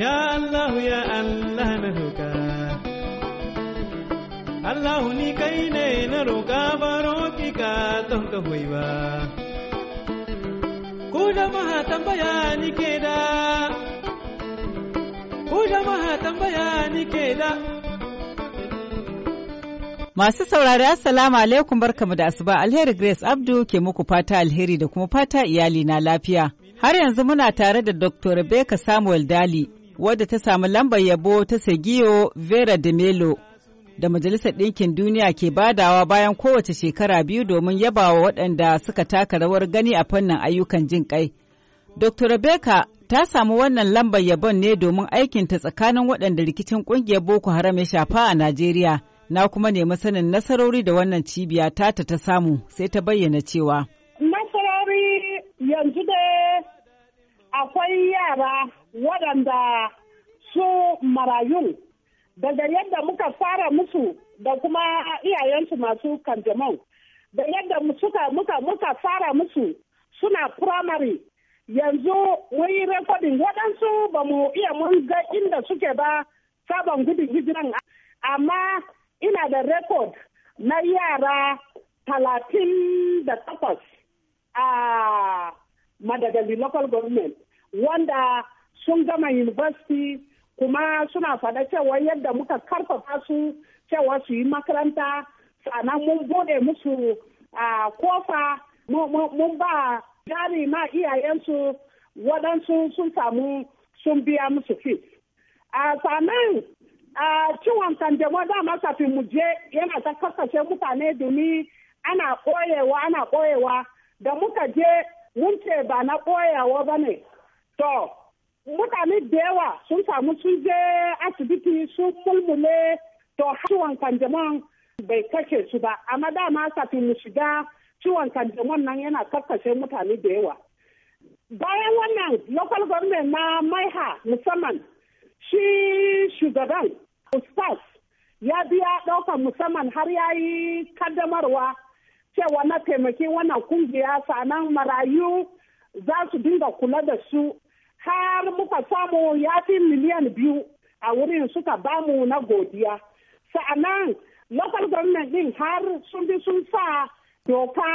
Ya Allah ya Allah na roƙa Allah ni kai ne na roƙa baro ki ka don ka hoyi ba Ku jama'a tambaya ni ke da Ku tambaya ni ke da Masu saurari Assalamu alaikum barkamu da asuba Alheri Grace Abdu ke muku fata alheri da kuma fata iyali na lafiya. Har yanzu muna tare da Dr. Rebecca Samuel Dali wadda ta samu lambar yabo ta Sergio Vera de Melo da Majalisar Ɗinkin Duniya ke badawa bayan kowace shekara biyu domin yabawa waɗanda suka taka rawar gani a fannin ayyukan jin ƙai. Dr. Rebecca ta samu wannan lambar yabon ne domin aikinta tsakanin waɗanda rikicin ƙungiyar Boko Haram ya shafa a Najeriya. Na kuma nemi sanin nasarori da wannan cibiya tata ta samu sai ta bayyana cewa. Nasarori yanzu da akwai yara waɗanda su marayun daga yadda muka fara musu da kuma iyayensu masu kanjamau da yadda muka, muka, muka fara musu suna primary yanzu wani rekodin waɗansu ba mu iya mun ga inda suke ba sabon gudun hijiran amma ina da rekod na yara talatin da takwas a madagali local government wanda sun gama university kuma suna faɗa cewa yadda muka karfafa su cewa su yi makaranta sannan mun bude musu a kofa mun ba jari ma iyayensu waɗansu sun samu sun biya musu fi. A sannan a ciwon kanjamo dama kafin mu je yana ta kasashe mutane domin ana koyewa ana koyewa da muka je mun ce ba na koyawa ba ne To, mutane da yawa sun samu sun je asibiti sun mulmule to ciwon kanjamon bai kashe su ba, amma ma kafin mu shiga ciwon kanjaman nan yana karkashe mutane da yawa. Bayan wannan local government na maiha musamman shi shugaban ustaz ya biya ɗaukar musamman har ya yi kaddamarwa cewa na taimakin wannan kungiya sanan marayu za su dinga kula da su har muka samu ya fi miliyan biyu a wurin suka bamu na godiya sa'anan local government din har sun bi sun sa doka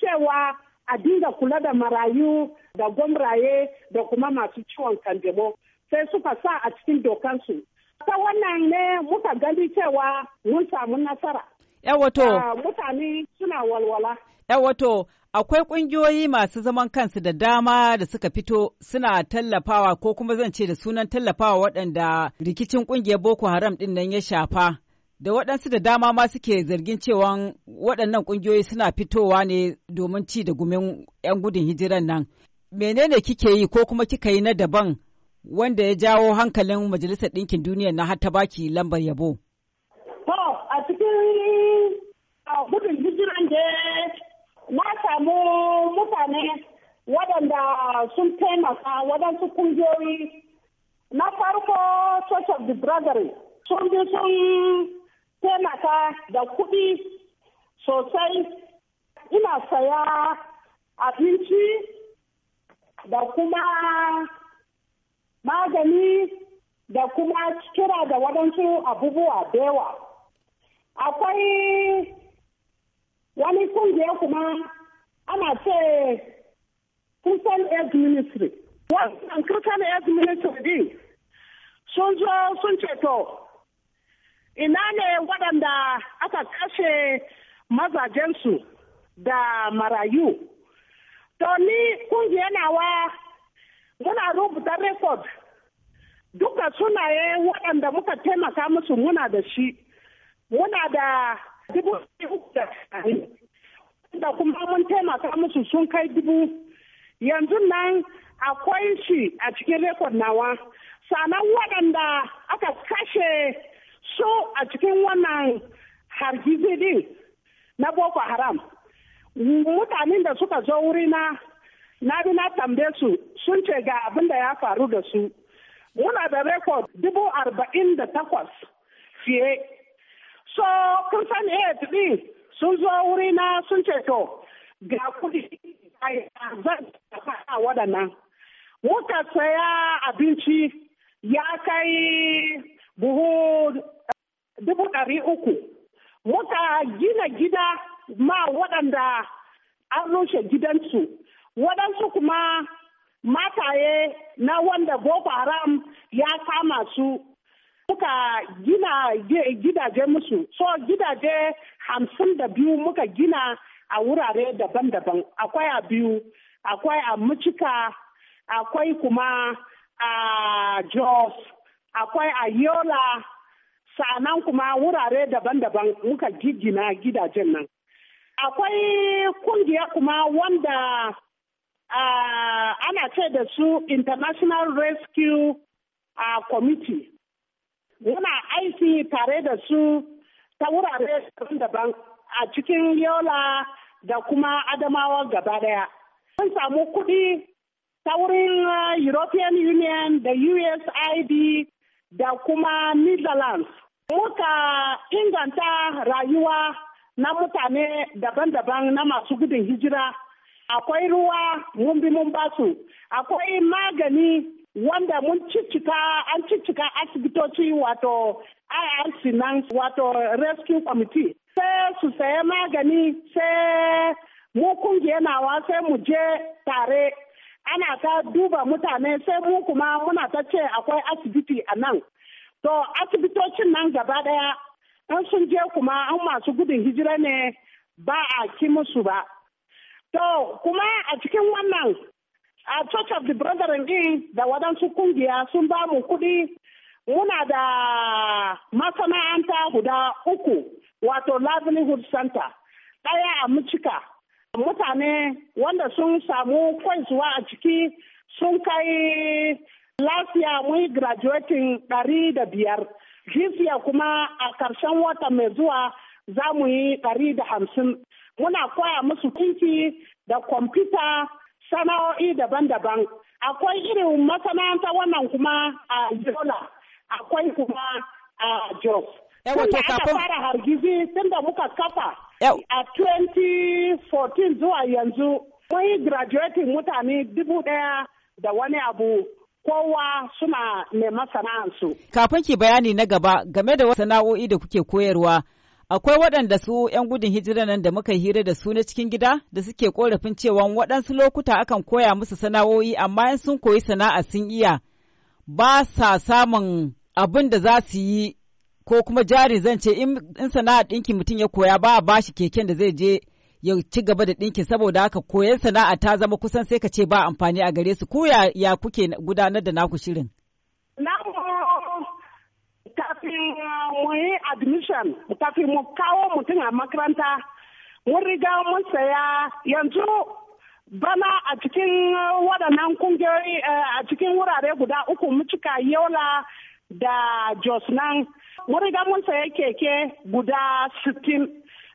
cewa a dinga kula da marayu da gwamraye da kuma masu ciwon kanjamo sai suka sa a cikin dokansu ta wannan ne muka gani cewa mun samu nasara yawato ah, mutane suna walwala wato akwai ƙungiyoyi masu zaman kansu da dama da suka fito suna tallafawa ko kuma zan ce da sunan tallafawa waɗanda rikicin ƙungiyar Boko Haram ɗin nan ya shafa. Da waɗansu da dama ma suke zargin cewa waɗannan kungiyoyi suna fitowa ne domin ci da gumin 'yan gudun hijiran nan. Menene kike yi ko kuma kika yi na daban wanda ya jawo hankalin Majalisar Ɗinkin Duniya na har baki lambar yabo? To, a cikin gudun hijiran da na samu mutane waɗanda sun taimaka waɗansu kungiyoyi na farko church of the sun bi sun taimaka da kuɗi sosai ina saya abinci da kuma magani da kuma kira da waɗansu abubuwa da yawa akwai wani kungiya kuma ana ce kusan Health Ministry. Wannan kusan Health Ministry din sun zo sun ceto ina ne waɗanda aka kashe mazajensu da marayu. To ni kungiya nawa muna rubuta record duka sunaye waɗanda muka taimaka musu muna da shi. Muna da dubu da kuma mun taimaka musu sun kai dubu yanzu nan akwai shi a cikin rekod nawa sanan waɗanda aka kashe su a cikin wannan hargizi din na boko haram mutanen da suka zo wuri na bi na tambaye su sun ce ga abin da ya faru da su muna da rekod dubu arba'in da takwas fiye So kun san AFD sun zo wuri na sun ce to ga kudi zan faɗa waɗannan. Muka saya abinci ya kai buhu eh, dubu ɗari uku. Muka gina gida ma waɗanda an rushe gidansu. Waɗansu kuma mataye na wanda Boko Haram ya kama su muka gina gidaje musu so gidaje hamsin da biyu muka gina a wurare daban-daban akwai a biyu akwai a mucika akwai kuma a jos akwai a yola sannan kuma wurare daban-daban muka gina gidajen nan akwai kungiya kuma wanda ana ce da su international rescue committee muna aiki tare da su ta wurare daban-daban a cikin yola da kuma adamawa gaba daya. Mun samu kuɗi ta wurin uh, European Union da USID da kuma Netherlands. Muka inganta rayuwa na mutane daban-daban na masu gudun hijira. Akwai ruwa mun bi mun basu, akwai magani wanda mun ciccika an ciccika asibitoci wato IRC nan wato rescue committee sai su saya magani sai mu kungiyar nawa sai mu je tare ana ta duba mutane sai mu kuma muna ta ce akwai asibiti a nan to asibitocin nan gaba daya an sun je kuma an masu gudun hijira ne ba a ki musu ba to kuma a cikin wannan a church of the brethren din da waɗansu kungiya sun ba mu kuɗi muna da masana'anta guda uku wato livelihood center ɗaya a mucika mutane wanda sun samu kwaisuwa a ciki sun kai lafiya mun yi graduating ɗari da biyar jisiya kuma a ƙarshen wata mai zuwa za mu yi ɗari da hamsin muna koya musu kinki da kwamfuta sana'o'i daban-daban akwai irin masana'anta wannan kuma a yola akwai kuma a jos tunda aka fara hargizi tunda muka kafa a 2014 zuwa yanzu mun graduating mutane dubu ɗaya da wani abu kowa suna neman masana'ansu. Kafin ki bayani na gaba game da wasu sana'o'i da kuke koyarwa Akwai waɗanda su 'yan gudun hijira nan da muka hira da su na cikin gida da suke korafin cewa waɗansu lokuta akan koya musu sana'o'i amma in sun koyi sana'a sun iya ba sa samun abin da za su yi ko kuma jari zan ce in sana'a ɗinki mutum ya koya ba a bashi keken da zai je ya ci gaba da ɗinki saboda haka koyan sana'a ta zama kusan sai ka ce ba amfani a gare su ku ya kuke gudanar da naku shirin. kafin uh, mu yi admission kafin mu kawo mutum a makaranta mun riga mun saya yanzu bana a cikin uh, waɗannan kungiyoyi uh, a cikin wurare guda uku cika yola da jos nan mun riga mun saya keke guda sittin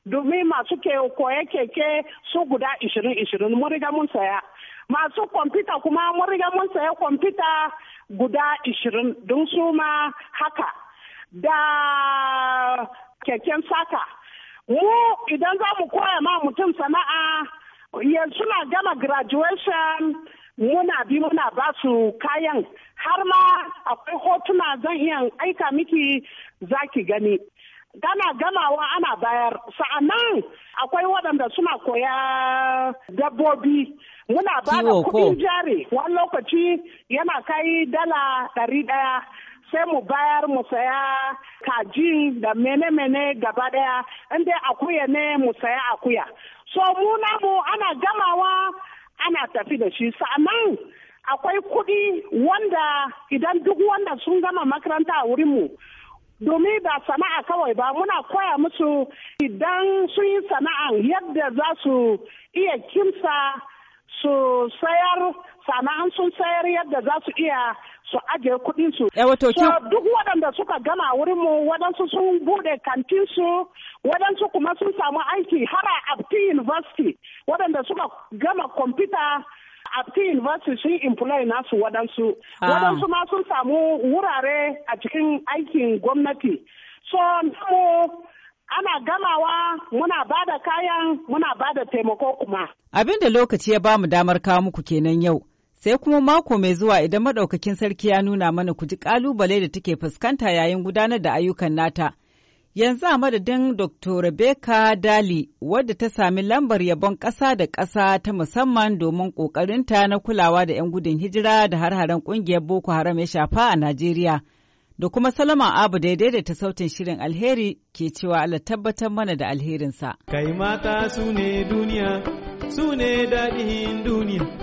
domin masu ke koya keke su guda ishirin ishirin mun riga mun saya masu kwamfuta kuma mun riga mun saya kwamfuta guda ishirin don su ma haka da keken saka mu idan za mu koya ma mutum sana'a yanzu na gama graduation muna bi muna ba su kayan har ma akwai hotuna zan iya aika miki zaki gani gana gamawa ana bayar sa'annan akwai waɗanda suna koya dabbobi muna ba da kuɗin jari wani lokaci yana kai dala ɗari ɗaya sai mu bayar mu saya kaji da mene-mene gaba daya inda akuya ne mu saya akuya so mu namu ana gamawa ana tafi da shi sa'anan akwai kuɗi wanda idan duk wanda sun gama makaranta a wurinmu domin ba sana'a kawai ba muna koya musu idan sun yi sana'a yadda za su iya kimsa su sayar sana'an sun sayar yadda za su iya su ajiye kuɗin su. Eh, so duk waɗanda suka gama wurin mu waɗansu sun bude kantin su waɗansu kuma sun samu aiki har a Abti University waɗanda suka gama kwamfuta Abti University sun employ nasu waɗansu. Ah. Waɗansu ma sun samu wurare a cikin aikin gwamnati. So mu ana gamawa muna ba da kayan muna ba da taimako kuma. Abin da lokaci ya ba mu damar kawo muku kenan yau. sai kuma mako mai zuwa idan madaukakin sarki ya nuna mana ku ji kalubale da take fuskanta yayin gudanar da ayyukan nata. Yanzu a madadin Dr. Rebecca Dali wadda ta sami lambar yabon ƙasa da ƙasa ta musamman domin ƙoƙarinta na kulawa da 'yan gudun hijira da har-haren ƙungiyar Boko Haram ya shafa a Najeriya. Da kuma Salama Abu daidai da ta sautin shirin alheri ke cewa Allah tabbatar mana da alherinsa. Kai mata su ne duniya, su ne daɗin duniya.